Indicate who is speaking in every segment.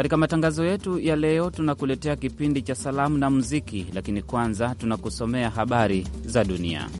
Speaker 1: Katika matangazo yetu ya leo, tunakuletea kipindi cha salamu na muziki, lakini kwanza tunakusomea habari za dunia.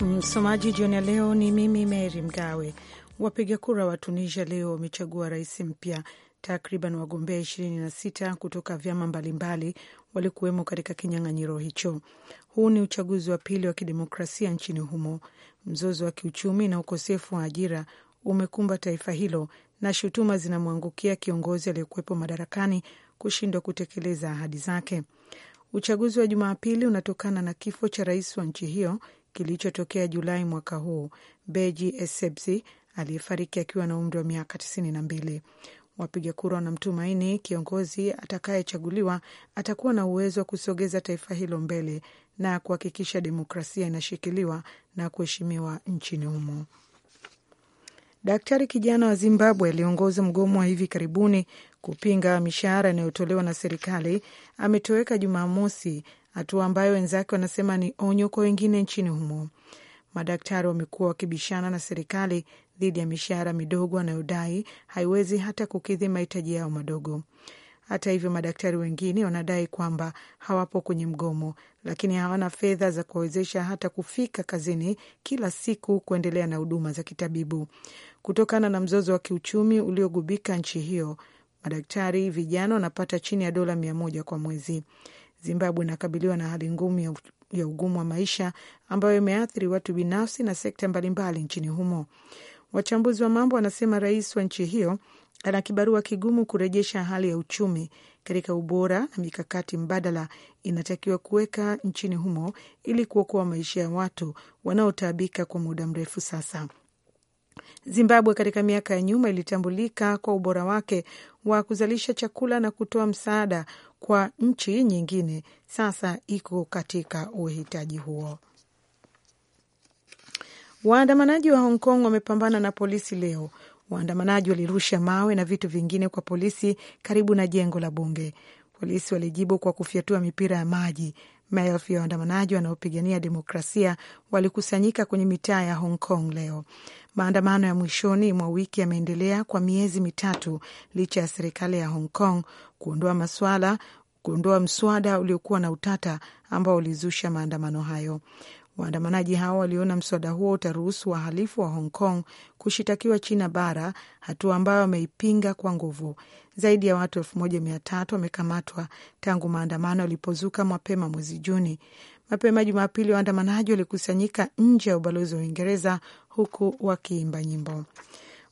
Speaker 2: Msomaji jioni ya leo ni mimi Mary Mgawe. Wapiga kura wa Tunisia leo wamechagua rais mpya. Takriban wagombea ishirini na sita kutoka vyama mbalimbali walikuwemo katika kinyang'anyiro hicho. Huu ni uchaguzi wa pili wa kidemokrasia nchini humo. Mzozo wa kiuchumi na ukosefu wa ajira umekumba taifa hilo na shutuma zinamwangukia kiongozi aliyekuwepo madarakani kushindwa kutekeleza ahadi zake. Uchaguzi wa Jumapili unatokana na kifo cha rais wa nchi hiyo kilichotokea Julai mwaka huu, Beji Esebsi aliyefariki akiwa na umri wa miaka tisini na mbili. Wapiga kura wanamtumaini kiongozi atakayechaguliwa atakuwa na uwezo wa kusogeza taifa hilo mbele na kuhakikisha demokrasia inashikiliwa na kuheshimiwa nchini humo. Daktari kijana wa Zimbabwe aliongoza mgomo wa hivi karibuni kupinga mishahara inayotolewa na serikali ametoweka Jumamosi, hatua ambayo wenzake wanasema ni onyo kwa wengine nchini humo. Madaktari wamekuwa wakibishana na serikali dhidi ya mishahara midogo anayodai haiwezi hata kukidhi mahitaji yao madogo. Hata hivyo, madaktari wengine wanadai kwamba hawapo kwenye mgomo, lakini hawana fedha za kuwawezesha hata kufika kazini kila siku kuendelea na huduma za kitabibu kutokana na mzozo wa kiuchumi uliogubika nchi hiyo. Madaktari vijana wanapata chini ya dola mia moja kwa mwezi. Zimbabwe inakabiliwa na hali ngumu ya ugumu wa maisha ambayo imeathiri watu binafsi na sekta mbalimbali nchini humo. Wachambuzi wa mambo wanasema rais wa nchi hiyo ana kibarua kigumu kurejesha hali ya uchumi katika ubora na mikakati mbadala inatakiwa kuweka nchini humo ili kuokoa maisha ya watu wanaotaabika kwa muda mrefu sasa. Zimbabwe katika miaka ya nyuma ilitambulika kwa ubora wake wa kuzalisha chakula na kutoa msaada kwa nchi nyingine. Sasa iko katika uhitaji huo. Waandamanaji wa Hong Kong wamepambana na polisi leo Waandamanaji walirusha mawe na vitu vingine kwa polisi karibu na jengo la bunge. Polisi walijibu kwa kufyatua mipira ya maji. Maelfu ya waandamanaji wanaopigania demokrasia walikusanyika kwenye mitaa ya Hong Kong leo. Maandamano ya mwishoni mwa wiki yameendelea kwa miezi mitatu licha ya serikali ya Hong Kong kuondoa maswala kuondoa mswada uliokuwa na utata ambao ulizusha maandamano hayo. Waandamanaji hao waliona mswada huo utaruhusu wahalifu wa Hong Kong kushitakiwa China bara, hatua ambayo wameipinga kwa nguvu. Zaidi ya watu elfu moja mia tatu wamekamatwa tangu maandamano yalipozuka mapema mwezi Juni. Mapema Jumapili, waandamanaji walikusanyika nje ya ubalozi wa Uingereza huku wakiimba nyimbo.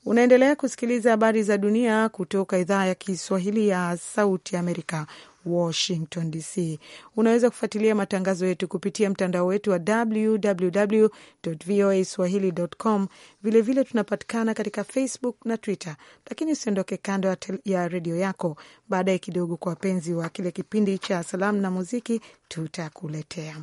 Speaker 2: Unaendelea kusikiliza habari za dunia kutoka idhaa ya Kiswahili ya Sauti Amerika, Washington DC. Unaweza kufuatilia matangazo yetu kupitia mtandao wetu wa www voa swahili com. Vilevile tunapatikana katika Facebook na Twitter, lakini usiondoke kando ya redio yako. Baadaye kidogo, kwa wapenzi wa kile kipindi cha salamu na muziki, tutakuletea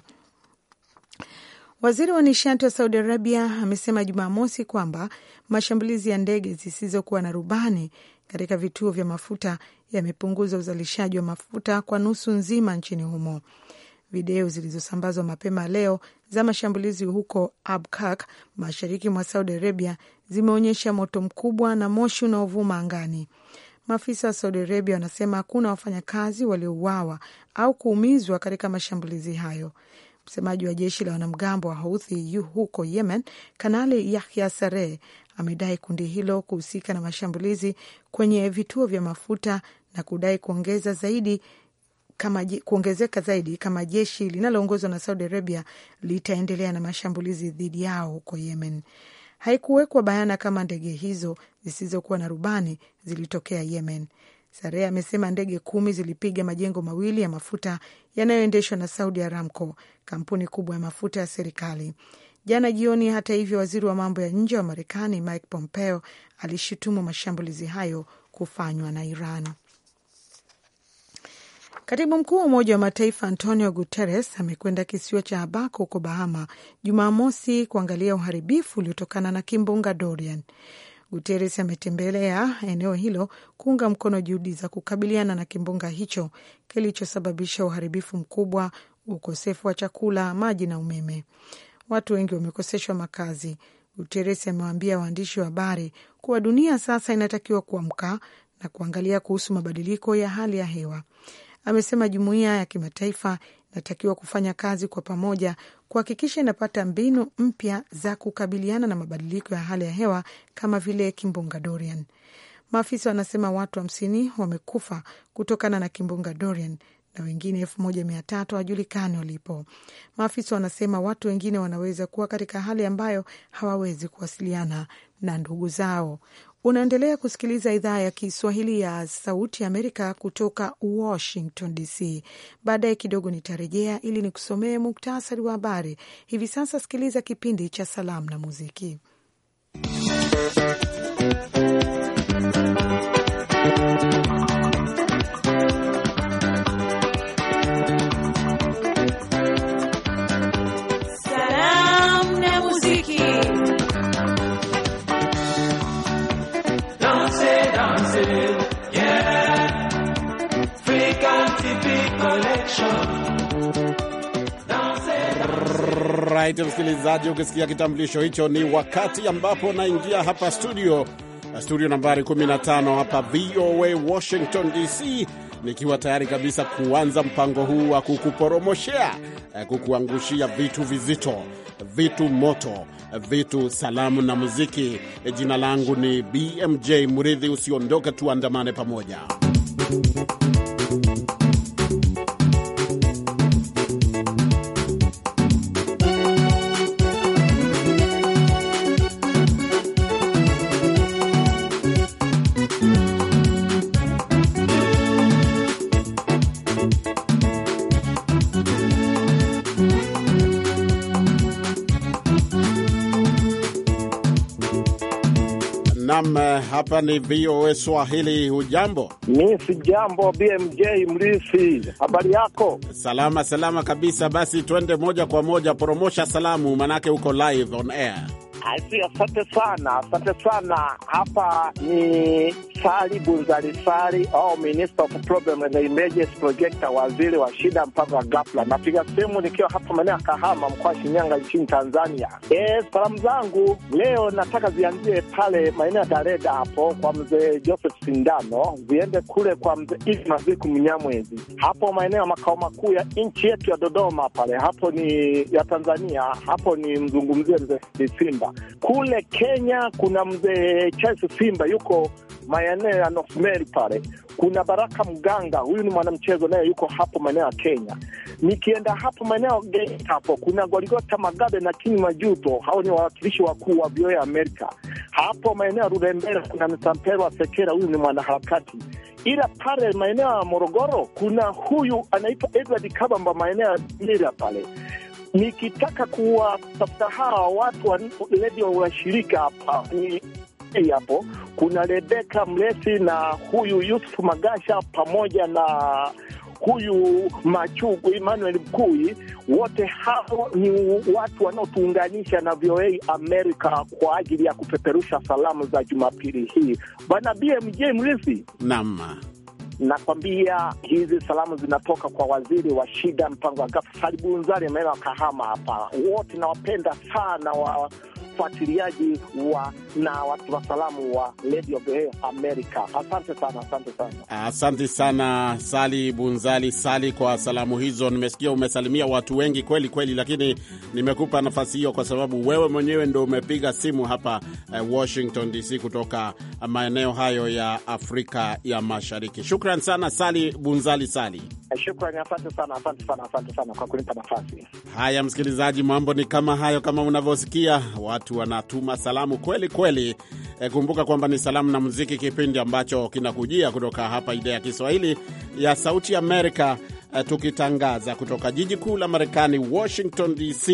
Speaker 2: Waziri wa nishati wa Saudi Arabia amesema Jumamosi kwamba mashambulizi ya ndege zisizokuwa na rubani katika vituo vya mafuta yamepunguza uzalishaji wa mafuta kwa nusu nzima nchini humo. Video zilizosambazwa mapema leo za mashambulizi huko Abqaq, mashariki mwa Saudi Arabia, zimeonyesha moto mkubwa na moshi unaovuma angani. Maafisa wa Saudi Arabia wanasema hakuna wafanyakazi waliouawa au kuumizwa katika mashambulizi hayo. Msemaji wa jeshi la wanamgambo wa Houthi huko Yemen, Kanali Yahya Sareh, amedai kundi hilo kuhusika na mashambulizi kwenye vituo vya mafuta na kudai kuongeza zaidi kama kuongezeka zaidi kama jeshi linaloongozwa na Saudi Arabia litaendelea na mashambulizi dhidi yao huko Yemen. Haikuwekwa bayana kama ndege hizo zisizokuwa na rubani zilitokea Yemen. Sarea amesema ndege kumi zilipiga majengo mawili ya mafuta yanayoendeshwa na Saudi Aramco, kampuni kubwa ya mafuta ya serikali. Jana jioni, hata hivyo, waziri wa mambo ya nje wa Marekani Mike Pompeo alishutumu mashambulizi hayo kufanywa na Iran. Katibu mkuu wa Umoja wa Mataifa Antonio Guterres amekwenda kisiwa cha Abaco huko Bahama Jumamosi kuangalia uharibifu uliotokana na kimbunga Dorian. Guterres ametembelea eneo hilo kuunga mkono juhudi za kukabiliana na kimbunga hicho kilichosababisha uharibifu mkubwa, ukosefu wa chakula, maji na umeme. Watu wengi wamekoseshwa makazi. Guterres amewaambia waandishi wa habari kuwa dunia sasa inatakiwa kuamka na kuangalia kuhusu mabadiliko ya hali ya hewa amesema jumuiya ya kimataifa inatakiwa kufanya kazi kwa pamoja kuhakikisha inapata mbinu mpya za kukabiliana na mabadiliko ya hali ya hewa kama vile kimbunga Dorian. Maafisa wanasema watu hamsini wa wamekufa kutokana na kimbunga Dorian na wengine elfu moja mia tatu hawajulikani walipo. Maafisa wanasema watu wengine wanaweza kuwa katika hali ambayo hawawezi kuwasiliana na ndugu zao. Unaendelea kusikiliza idhaa ya Kiswahili ya Sauti Amerika kutoka Washington DC. Baadaye kidogo nitarejea ili nikusomee muktasari wa habari. Hivi sasa sikiliza kipindi cha Salamu na Muziki.
Speaker 3: Right, msikilizaji, ukisikia kitambulisho hicho ni wakati ambapo naingia hapa studio, studio nambari 15 hapa VOA Washington DC, nikiwa tayari kabisa kuanza mpango huu wa kukuporomoshea, eh, kukuangushia vitu vizito, vitu moto, vitu salamu na muziki. Eh, jina langu ni BMJ mridhi usiondoke tuandamane pamoja. Hapa ni VOA Swahili. Hujambo? Mi si jambo. BMJ Mrisi, habari yako? Salama salama kabisa. Basi twende moja kwa moja, promosha salamu, manake uko live on air.
Speaker 4: Asi, asante sana, asante sana. Hapa ni Sali Bunzali Sali au Minister of Problem and Emergency Project, waziri wa shida mpango wa ghafla. Napiga simu nikiwa hapa maeneo ya Kahama, mkoa wa Shinyanga, nchini Tanzania. E, salamu zangu leo nataka zianzie pale maeneo ya Dareda hapo kwa mzee Joseph Sindano, ziende kule kwa mzee Idi Maziku Mnyamwezi, hapo maeneo ya makao makuu ya nchi yetu ya Dodoma pale, hapo ni ya Tanzania, hapo ni mzungumzie mzee Simba. Kule Kenya kuna mzee Charles Simba yuko maeneo ya North Northmere pale kuna Baraka Mganga, huyu ni mwanamchezo naye yuko hapo maeneo ya Kenya. Nikienda hapo maeneo Geita hapo kuna Goligota Magabe na Kini Majuto, hao ni wawakilishi wakuu wa VOA Amerika. Hapo maeneo ya Rurembera kuna wa Sekera, huyu ni mwanaharakati ila pale maeneo ya Morogoro kuna huyu anaitwa Edward Kabamba, maeneo ya Mira pale. Nikitaka kuwatafuta hawa watu wa redio washirika hapa ni hii hapo kuna Rebeka Mlesi na huyu yusuf Magasha pamoja na huyu Machugu Emmanuel Mkui, wote hao ni watu wanaotuunganisha na VOA America kwa ajili ya kupeperusha salamu za Jumapili hii bana BMJ Mrisi. Naam. Nakwambia hizi salamu zinatoka kwa waziri wa shida mpango wa ghafi Salibunzari, maeneo ya Kahama hapa. Wote nawapenda sana wa wafuatiliaji wa na watu wa salamu wa Radio America. Asante sana, asante sana,
Speaker 3: asante sana Sali Bunzali Sali kwa salamu hizo. Nimesikia umesalimia watu wengi kweli kweli, lakini nimekupa nafasi hiyo kwa sababu wewe mwenyewe ndo umepiga simu hapa eh, Washington DC kutoka maeneo hayo ya Afrika ya Mashariki. Shukran. Shukran sana Sali Bunzali Sali.
Speaker 4: Shukran, asante sana, asante sana, asante sana kwa kunipa nafasi.
Speaker 3: Haya msikilizaji, mambo ni kama hayo, kama unavyosikia watu wanatuma salamu kweli kweli. E, kumbuka kwamba ni salamu na muziki, kipindi ambacho kinakujia kutoka hapa idhaa ya Kiswahili ya Sauti Amerika, e, tukitangaza kutoka jiji kuu la Marekani, Washington DC.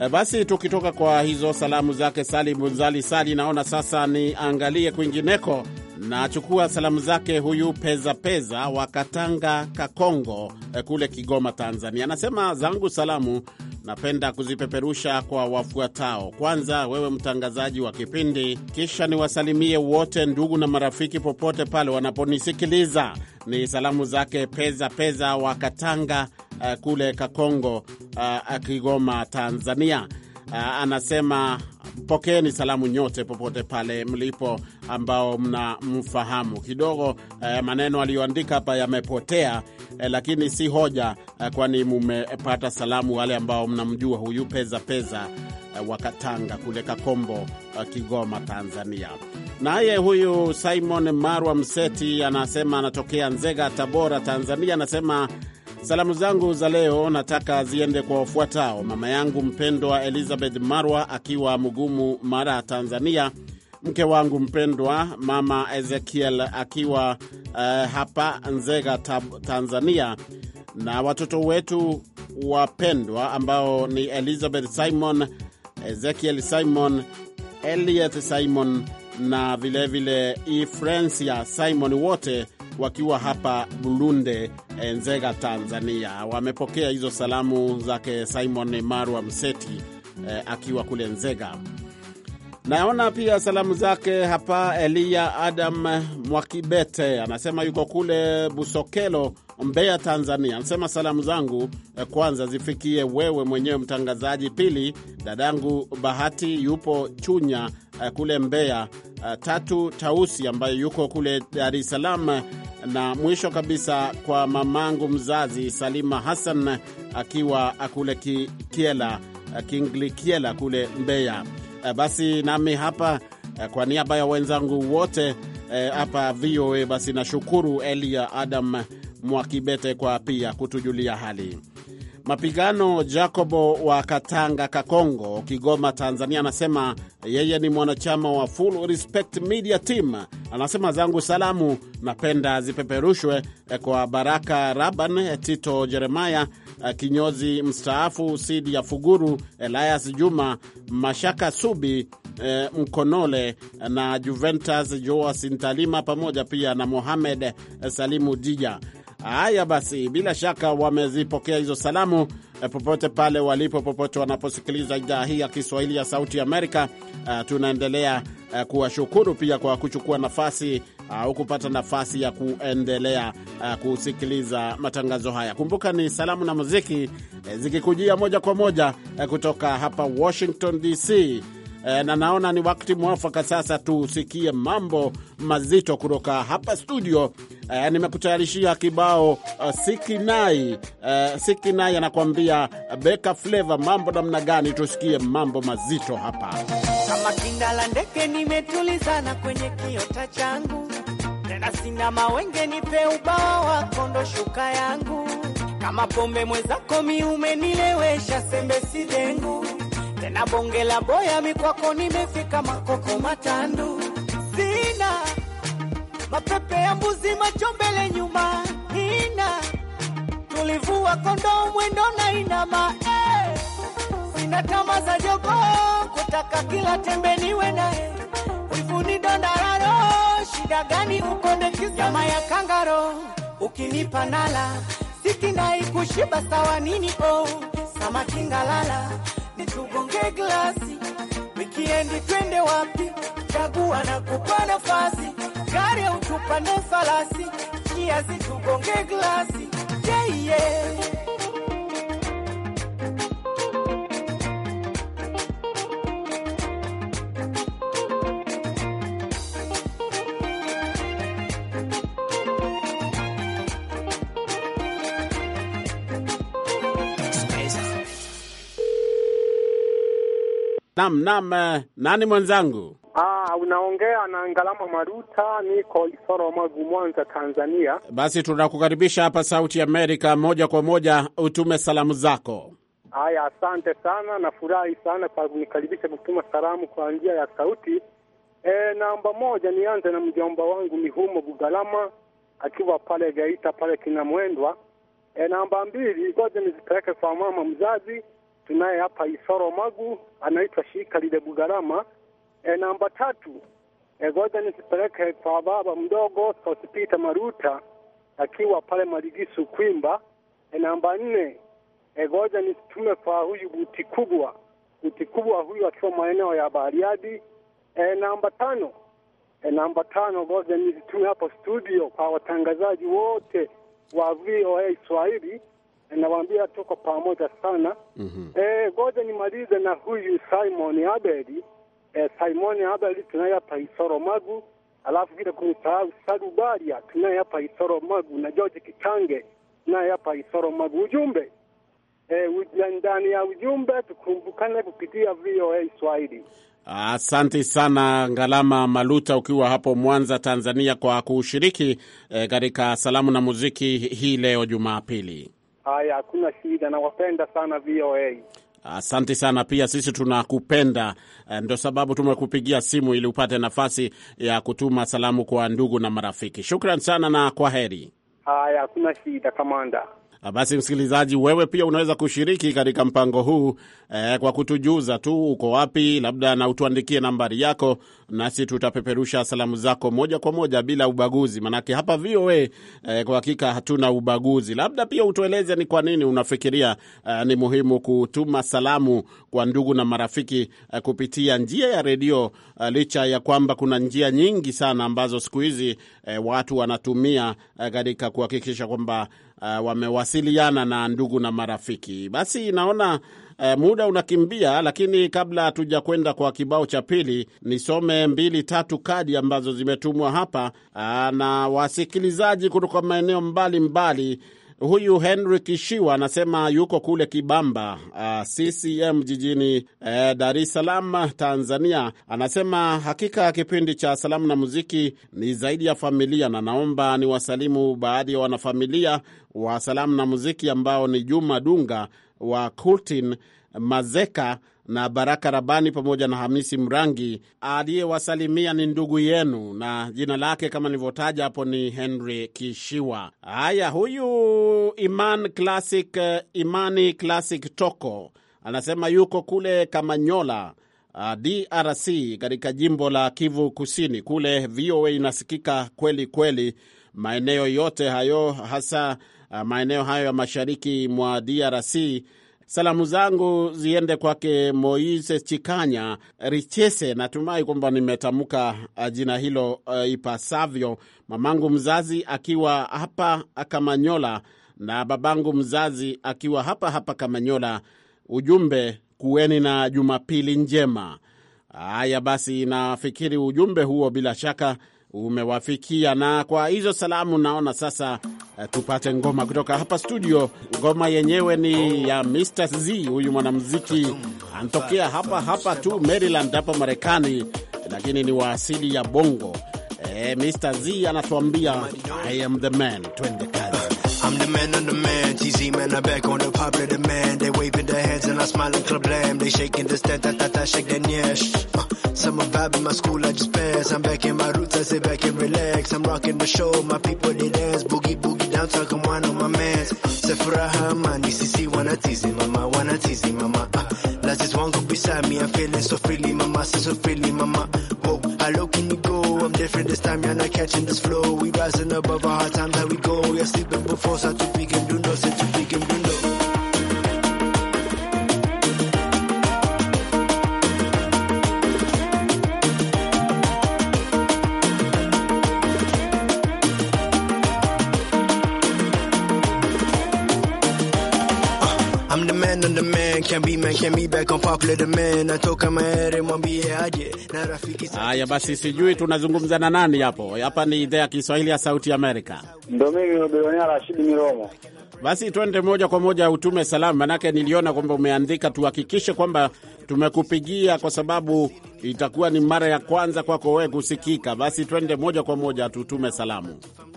Speaker 3: E, basi tukitoka kwa hizo salamu zake Sali Bunzali Sali, naona sasa ni angalie kwingineko. Nachukua salamu zake huyu Peza Peza wa Katanga Kakongo eh, kule Kigoma, Tanzania. Anasema zangu salamu napenda kuzipeperusha kwa wafuatao. Kwanza wewe mtangazaji wa kipindi, kisha niwasalimie wote ndugu na marafiki popote pale wanaponisikiliza. Ni salamu zake Peza Peza wa Katanga eh, kule Kakongo, eh, Kigoma, Tanzania. Ah, anasema Pokeeni salamu nyote popote pale mlipo, ambao mnamfahamu kidogo. Eh, maneno aliyoandika hapa yamepotea eh, lakini si hoja eh, kwani mumepata salamu wale ambao mnamjua huyu peza peza eh, wakatanga kule Kakombo eh, Kigoma, Tanzania. Naye huyu Simon Marwa Mseti anasema anatokea Nzega, Tabora, Tanzania. Anasema Salamu zangu za leo nataka ziende kwa wafuatao: mama yangu mpendwa Elizabeth Marwa akiwa mgumu Mara, Tanzania, mke wangu mpendwa mama Ezekiel akiwa uh, hapa Nzega, Tanzania, na watoto wetu wapendwa ambao ni Elizabeth Simon, Ezekiel Simon, Eliot Simon na vilevile Ifrensia Simon, wote wakiwa hapa Bulunde, eh, Nzega, Tanzania. Wamepokea hizo salamu zake Simon Marwa Mseti eh, akiwa kule Nzega. Naona pia salamu zake hapa Eliya Adam Mwakibete, anasema yuko kule Busokelo, Mbeya, Tanzania. Anasema salamu zangu eh, kwanza zifikie wewe mwenyewe mtangazaji, pili dadangu Bahati yupo Chunya eh, kule Mbeya, Tatu Tausi ambaye yuko kule Dar es Salaam, na mwisho kabisa kwa mamangu mzazi Salima Hassan akiwa kule Kiela Kingli Kiela kule Mbeya. Eh, basi nami hapa eh, kwa niaba ya wenzangu wote eh, hapa VOA basi nashukuru Elia Adam Mwakibete kwa pia kutujulia hali. Mapigano Jacobo wa Katanga Kakongo, Kigoma, Tanzania, anasema yeye ni mwanachama wa Full Respect Media Team. Anasema zangu salamu, napenda zipeperushwe eh, kwa Baraka Raban, eh, Tito Jeremaya eh, kinyozi mstaafu, Sidi ya Fuguru, Elias Juma, Mashaka Subi E, Mkonole na Juventus Joa Sintalima pamoja pia na Mohamed Salimu Dija. Haya basi, bila shaka wamezipokea hizo salamu eh, popote pale walipo, popote wanaposikiliza idhaa hii ya Kiswahili ya Sauti Amerika. Uh, tunaendelea uh, kuwashukuru pia kwa kuchukua nafasi au uh, kupata nafasi ya kuendelea uh, kusikiliza matangazo haya. Kumbuka ni salamu na muziki uh, zikikujia moja kwa moja uh, kutoka hapa Washington DC e, na naona ni wakati mwafaka sasa tusikie mambo mazito kutoka hapa studio. E, nimekutayarishia kibao uh, eh, Sikinai. E, Sikinai anakuambia Beka Fleva, mambo namna gani? Tusikie mambo mazito hapa.
Speaker 5: Kama kinda la ndege nimetulizana kwenye kiota changu, tena sina mawenge, nipe ubawa wako ndo shuka yangu, kama pombe mwezako mi umenilewesha sembe sidengu tena bonge la boya mikwako nimefika makoko matandu sina mapepe ya mbuzi macho mbele nyuma ina tulivua kondoo mwendo na inama eh. sina tama za jogoo kutaka kila tembe niwe naye wivuni dondararo shida gani ukondekizama ya kangaro ukinipa nala sikinaikushiba sawa nini o oh. samakingalala tugonge glasi, wikiendi twende wapi? Chagua na kupa nafasi, gari au tupande farasi, kiazi tugonge glasi, yeah, yeah.
Speaker 3: Nam nam, eh, nani mwenzangu?
Speaker 6: Ah, unaongea na Ngalama Maruta, niko Isoro Magu, Mwanza, Tanzania.
Speaker 3: Basi tunakukaribisha hapa Sauti Amerika moja kwa moja, utume salamu zako.
Speaker 6: Haya, asante sana, nafurahi sana kwa kunikaribisha kutuma salamu kwa njia ya sauti. E, namba moja nianze na mjomba wangu Mihumo Bugalama akiwa pale gaita pale Kinamwendwa. E, namba mbili ngoja nizipeleke kwa mama mzazi tunaye hapa Isoro Magu anaitwa shirika lile Bugarama. E, namba tatu e, ngoja nisipeleke kwa baba mdogo Sospeter Maruta akiwa pale Maligisu Kwimba. E, namba nne e, ngoja nisitume kwa huyu buti kubwa buti kubwa huyu akiwa maeneo ya Bariadi. E, namba tano e, namba tano ngoja nizitume hapo studio kwa watangazaji wote wa VOA Swahili Eh, nawaambia tuko pamoja sana. mm -hmm. E, ngoja nimalize na huyu Simon Abeli. E, eh, Simon Abeli tunaye hapa Isoro Magu, alafu vile kumsahau Baria tunaye hapa Isoro Magu na George Kitange tunaye hapa Isoro Magu. Ujumbe ndani ya ujumbe tukumbukane kupitia VOA Swahili.
Speaker 3: Asante sana Ngalama Maluta, ukiwa hapo Mwanza, Tanzania, kwa kushiriki katika e, salamu na muziki hii leo Jumapili.
Speaker 6: Haya, hakuna shida, nawapenda sana VOA.
Speaker 3: Asante sana, pia sisi tunakupenda. Eh, Ndo sababu tumekupigia simu ili upate nafasi ya kutuma salamu kwa ndugu na marafiki. Shukran sana na kwa heri. Haya, hakuna shida, kamanda. Ah, basi msikilizaji, wewe pia unaweza kushiriki katika mpango huu eh, kwa kutujuza tu uko wapi, labda na utuandikie nambari yako, nasi tutapeperusha salamu zako moja kwa moja bila ubaguzi, manake hapa VOA eh, kwa hakika hatuna ubaguzi. Labda pia utueleze ni kwa nini unafikiria eh, ni muhimu kutuma salamu kwa ndugu na marafiki eh, kupitia njia ya redio eh, licha ya kwamba kuna njia nyingi sana ambazo siku hizi eh, watu wanatumia eh, katika eh, kuhakikisha kwamba uh, wamewasiliana na ndugu na marafiki. Basi naona uh, muda unakimbia, lakini kabla hatuja kwenda kwa kibao cha pili, nisome mbili tatu kadi ambazo zimetumwa hapa uh, na wasikilizaji kutoka maeneo mbalimbali mbali. Huyu Henry Kishiwa anasema yuko kule Kibamba, uh, CCM jijini uh, Dar es Salaam, Tanzania. Anasema hakika kipindi cha salamu na muziki ni zaidi ya familia, na naomba niwasalimu baadhi ya wanafamilia wa salamu na muziki ambao ni Juma Dunga wa Kultin Mazeka na Baraka Rabani pamoja na Hamisi Mrangi. Aliyewasalimia ni ndugu yenu, na jina lake kama nilivyotaja hapo ni Henry Kishiwa. Haya, huyu Iman Classic, eh, Imani Classic Toko anasema yuko kule Kamanyola, ah, DRC, katika jimbo la Kivu Kusini. Kule VOA inasikika kweli kweli maeneo yote hayo, hasa ah, maeneo hayo ya mashariki mwa DRC Salamu zangu ziende kwake Moise Chikanya Richese, natumai kwamba nimetamka uh, jina hilo uh, ipasavyo. Mamangu mzazi akiwa hapa Kamanyola na babangu mzazi akiwa hapa hapa Kamanyola. Ujumbe, kuweni na jumapili njema. Haya basi, nafikiri ujumbe huo bila shaka umewafikia. Na kwa hizo salamu, naona sasa eh, tupate ngoma kutoka hapa studio. Ngoma yenyewe ni ya Mr Z, huyu mwanamuziki anatokea hapa hapa tu Maryland hapa Marekani, lakini ni wa asili ya Bongo. Eh, Mr Z anatuambia I am the man. Twende. I'm the man on the man, TZ man,
Speaker 5: I'm back on the popular man. They waving their hands and I smile and club They shaking the stand, that, that, shake their nyash. Uh, summer vibe in my school, I just pass. I'm back in my roots, I sit back and relax. I'm rocking the show, my people they dance. Boogie, boogie down, talking wine on my mans. Sefuraha, mani, sisi, wanna tease him, mama, wanna tease him, mama. Uh, last just one go beside me, I'm feeling so freely, mama, so, so freely, mama. Whoa, hello, can you different this time, you're not catching this flow. We rising above our hard times, how we go. we are sleeping before start to begin the man on the man, can be man, can be back on popular demand. Natoka maere mwambie aje na
Speaker 3: rafiki. Haya basi, sijui tunazungumza na nani hapo? Hapa ni idhaa ya Kiswahili ya Sauti ya Amerika.
Speaker 7: Ndio mimi Robertonia Rashid Miromo.
Speaker 3: Basi twende moja kwa moja utume salamu, manake niliona kwamba umeandika tuhakikishe kwamba tumekupigia kwa sababu itakuwa ni mara ya kwanza kwako wewe kusikika. Basi twende moja kwa moja tutume salamu.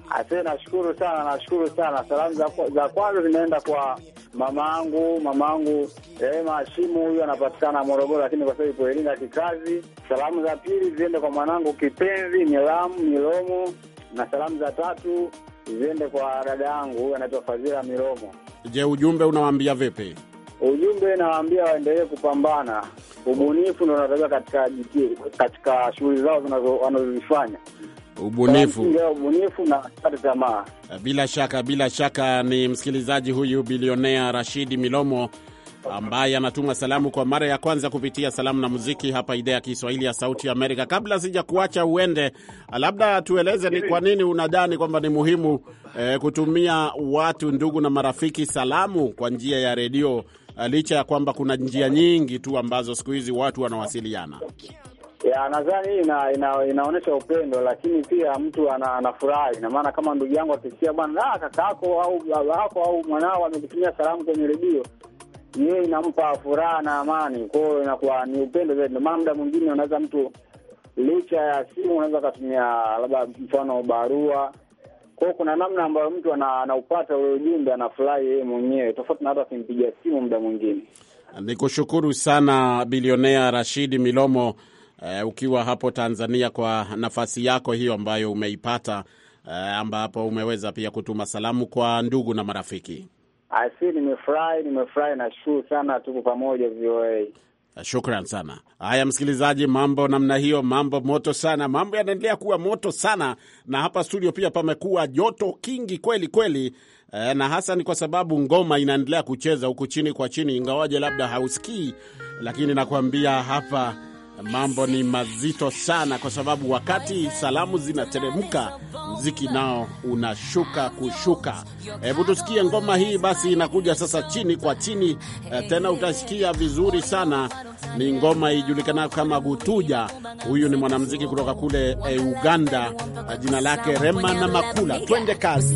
Speaker 7: Asante, nashukuru sana, nashukuru sana. Salamu za, za kwanza zimeenda kwa mama mama mamaangu Rehema Ashimu, huyu anapatikana Morogoro, lakini kwa sababu ipoelinga kikazi. Salamu za pili ziende kwa mwanangu kipenzi Milamu Milomo, na salamu za tatu ziende kwa dada yangu, huyu anaitwa Fadhila Milomo.
Speaker 3: Je, ujumbe unawaambia vipi?
Speaker 7: Ujumbe nawaambia waendelee kupambana, ubunifu ndo unatakiwa katika katika shughuli zao wanazozifanya ubunifu ubunifu na tamaa.
Speaker 3: Bila shaka, bila shaka ni msikilizaji huyu bilionea Rashidi Milomo ambaye anatuma salamu kwa mara ya kwanza kupitia salamu na muziki hapa idhaa ya Kiswahili ya Sauti ya Amerika. Kabla sija kuacha uende, labda tueleze ni kwa nini unadhani kwamba ni muhimu eh, kutumia watu ndugu na marafiki salamu kwa njia ya redio licha ya kwamba kuna njia nyingi tu ambazo siku hizi watu wanawasiliana.
Speaker 7: Ya, nadhani hii ina, ina, inaonyesha upendo, lakini pia mtu anafurahi. Ina maana kama ndugu yangu akisikia bwana ah, kakako au babako au mwanao amekutumia salamu kwenye redio, ye inampa furaha na amani, kwao inakuwa ni upendo zaidi. Ndio maana muda mwingine unaweza mtu licha ya simu unaweza ukatumia labda mfano barua kwao kuna namna ambayo mtu anaupata ule ujumbe, anafurahi yeye mwenyewe, tofauti na hata akimpigia simu muda mwingine.
Speaker 3: Ni kushukuru sana bilionea Rashidi Milomo eh, ukiwa hapo Tanzania kwa nafasi yako hiyo ambayo umeipata eh, ambapo umeweza pia kutuma salamu kwa ndugu na marafiki.
Speaker 7: Asi, nimefurahi, nimefurahi, nashukuru sana, tuko pamoja VOA. Eh,
Speaker 3: shukran sana. Haya, msikilizaji, mambo namna hiyo, mambo moto sana, mambo yanaendelea kuwa moto sana, na hapa studio pia pamekuwa joto kingi kweli kweli, e, na hasa ni kwa sababu ngoma inaendelea kucheza huku chini kwa chini, ingawaje labda hausikii, lakini nakuambia hapa Mambo ni mazito sana, kwa sababu wakati salamu zinateremka, mziki nao unashuka kushuka. Hebu tusikie ngoma hii basi, inakuja sasa chini kwa chini, eh, tena utasikia vizuri sana. Ni ngoma ijulikanayo kama Gutuja. Huyu ni mwanamziki kutoka kule e, Uganda, jina lake Rema na Makula. Twende kazi.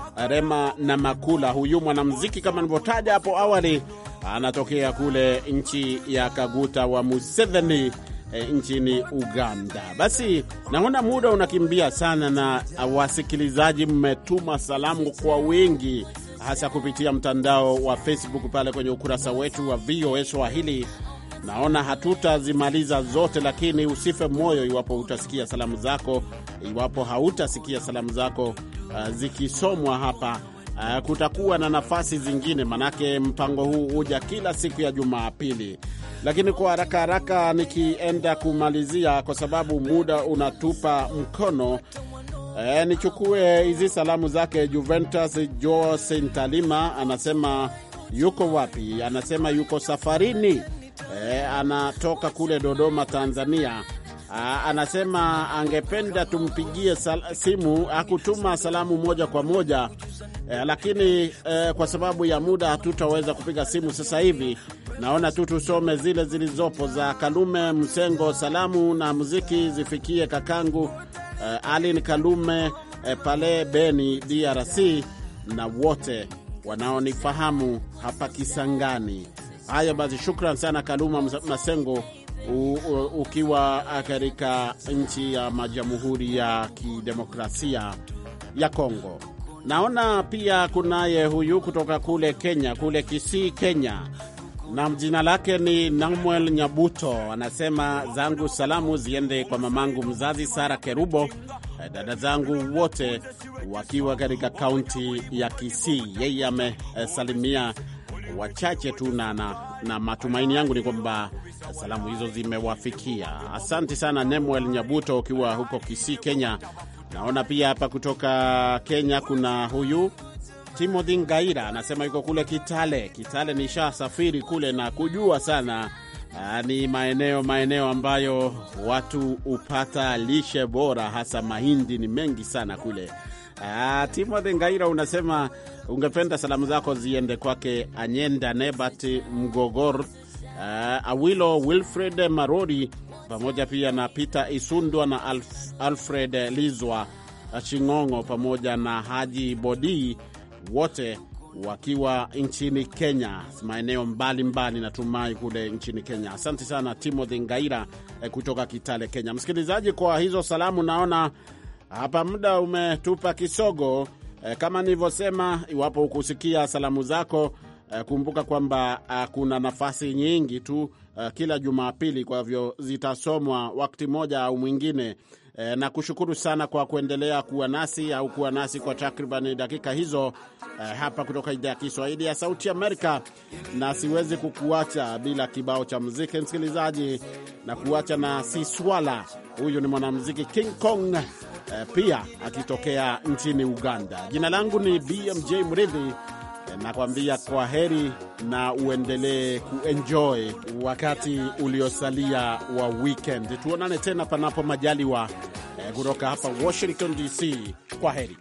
Speaker 3: Rema na Makula. Huyu mwanamuziki kama nilivyotaja hapo awali, anatokea kule nchi ya Kaguta wa Museveni e, nchini Uganda. Basi naona muda unakimbia sana, na wasikilizaji mmetuma salamu kwa wingi, hasa kupitia mtandao wa Facebook pale kwenye ukurasa wetu wa VOA Swahili. Naona hatutazimaliza zote, lakini usife moyo iwapo utasikia salamu zako. Iwapo hautasikia salamu zako uh, zikisomwa hapa uh, kutakuwa na nafasi zingine, manake mpango huu huja kila siku ya Jumapili. Lakini kwa haraka haraka nikienda kumalizia, kwa sababu muda unatupa mkono E, nichukue hizi salamu zake Juventus Jose Sintalima, anasema yuko wapi? Anasema yuko safarini. E, anatoka kule Dodoma, Tanzania. Ah, anasema angependa tumpigie sal simu akutuma salamu moja kwa moja eh, lakini eh, kwa sababu ya muda hatutaweza kupiga simu sasa hivi. Naona tu tusome zile zilizopo za Kalume Msengo. Salamu na muziki zifikie kakangu eh, Alin Kalume eh, pale Beni DRC na wote wanaonifahamu hapa Kisangani. Haya basi, shukran sana Kaluma Masengo ukiwa katika nchi ya majamhuri ya kidemokrasia ya Kongo. Naona pia kunaye huyu kutoka kule Kenya, kule Kisii, Kenya, na jina lake ni Namuel Nyabuto. Anasema zangu salamu ziende kwa mamangu mzazi Sara Kerubo, dada zangu wote wakiwa katika kaunti ya Kisii. Yeye amesalimia wachache tu na, na, na matumaini yangu ni kwamba salamu hizo zimewafikia. Asante sana Nemuel Nyabuto ukiwa huko Kisii, Kenya. Naona pia hapa kutoka Kenya kuna huyu Timothy Ngaira anasema yuko kule Kitale. Kitale nishasafiri kule na kujua sana Aa, ah, ni maeneo maeneo ambayo watu hupata lishe bora, hasa mahindi ni mengi sana kule Ah, Timothy Ngaira unasema ungependa salamu zako ziende kwake Anyenda Nebat Mgogor, ah, Awilo Wilfred Marori pamoja pia na Peter Isundwa na Alf, Alfred Lizwa Ching'ong'o pamoja na Haji Bodii wote wakiwa nchini Kenya, maeneo mbalimbali, natumai kule nchini Kenya. Asante sana Timothy Ngaira eh, kutoka Kitale, Kenya. Msikilizaji, kwa hizo salamu naona hapa muda umetupa kisogo. E, kama nilivyosema, iwapo ukusikia salamu zako e, kumbuka kwamba eh, kuna nafasi nyingi tu a, kila Jumapili, kwa hivyo zitasomwa wakati moja au mwingine. E, na kushukuru sana kwa kuendelea kuwa nasi au kuwa nasi kwa takriban dakika hizo e, hapa kutoka idhaa ya Kiswahili ya Sauti Amerika, na siwezi kukuacha bila kibao cha muziki msikilizaji, na kuacha na Siswala. Huyu ni mwanamuziki King Kong Eh, pia akitokea nchini Uganda. Jina langu ni BMJ Mridhi, eh, nakwambia kwa heri na uendelee kuenjoy wakati uliosalia wa weekend. Tuonane tena panapo majaliwa eh, kutoka hapa Washington DC. Kwa heri.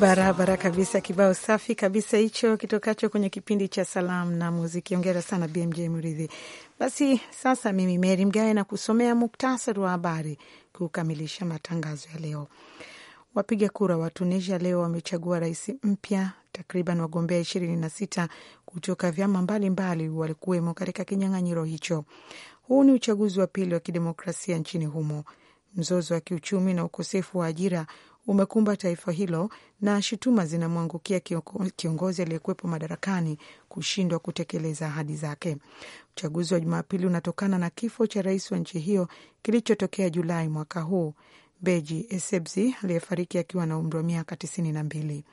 Speaker 2: Barabara kabisa, kibao safi kabisa hicho kitokacho kwenye kipindi cha salamu na muziki. Ongera sana BMJ Mridhi. Basi sasa, mimi Meri Mgawe na kusomea muktasari wa habari kukamilisha matangazo ya leo. Wapiga kura wa Tunisia leo wamechagua rais mpya. Takriban wagombea ishirini na sita kutoka vyama mbalimbali walikuwemo katika kinyang'anyiro hicho. Huu ni uchaguzi wa pili wa kidemokrasia nchini humo. Mzozo wa kiuchumi na ukosefu wa ajira umekumba taifa hilo na shutuma zinamwangukia kiongozi aliyekuwepo madarakani kushindwa kutekeleza ahadi zake. Uchaguzi wa Jumapili unatokana na kifo cha rais wa nchi hiyo kilichotokea Julai mwaka huu, Beji Esebsi aliyefariki akiwa na umri wa miaka tisini na mbili.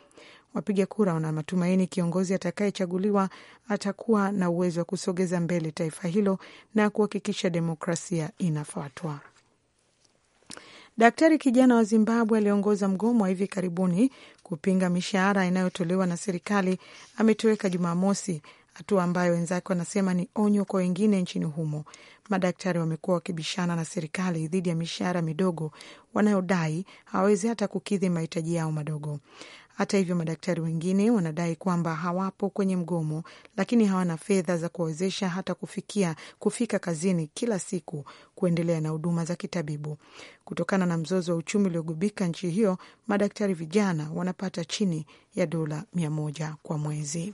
Speaker 2: Wapiga kura wana matumaini kiongozi atakayechaguliwa atakuwa na uwezo wa kusogeza mbele taifa hilo na kuhakikisha demokrasia inafuatwa. Daktari kijana wa Zimbabwe aliongoza mgomo wa hivi karibuni kupinga mishahara inayotolewa na serikali ametoweka Jumamosi, hatua ambayo wenzake wanasema ni onyo kwa wengine nchini humo. Madaktari wamekuwa wakibishana na serikali dhidi ya mishahara midogo wanayodai hawawezi hata kukidhi mahitaji yao madogo. Hata hivyo, madaktari wengine wanadai kwamba hawapo kwenye mgomo, lakini hawana fedha za kuwawezesha hata kufikia kufika kazini kila siku kuendelea na huduma za kitabibu. Kutokana na mzozo wa uchumi uliogubika nchi hiyo, madaktari vijana wanapata chini ya dola mia moja kwa mwezi.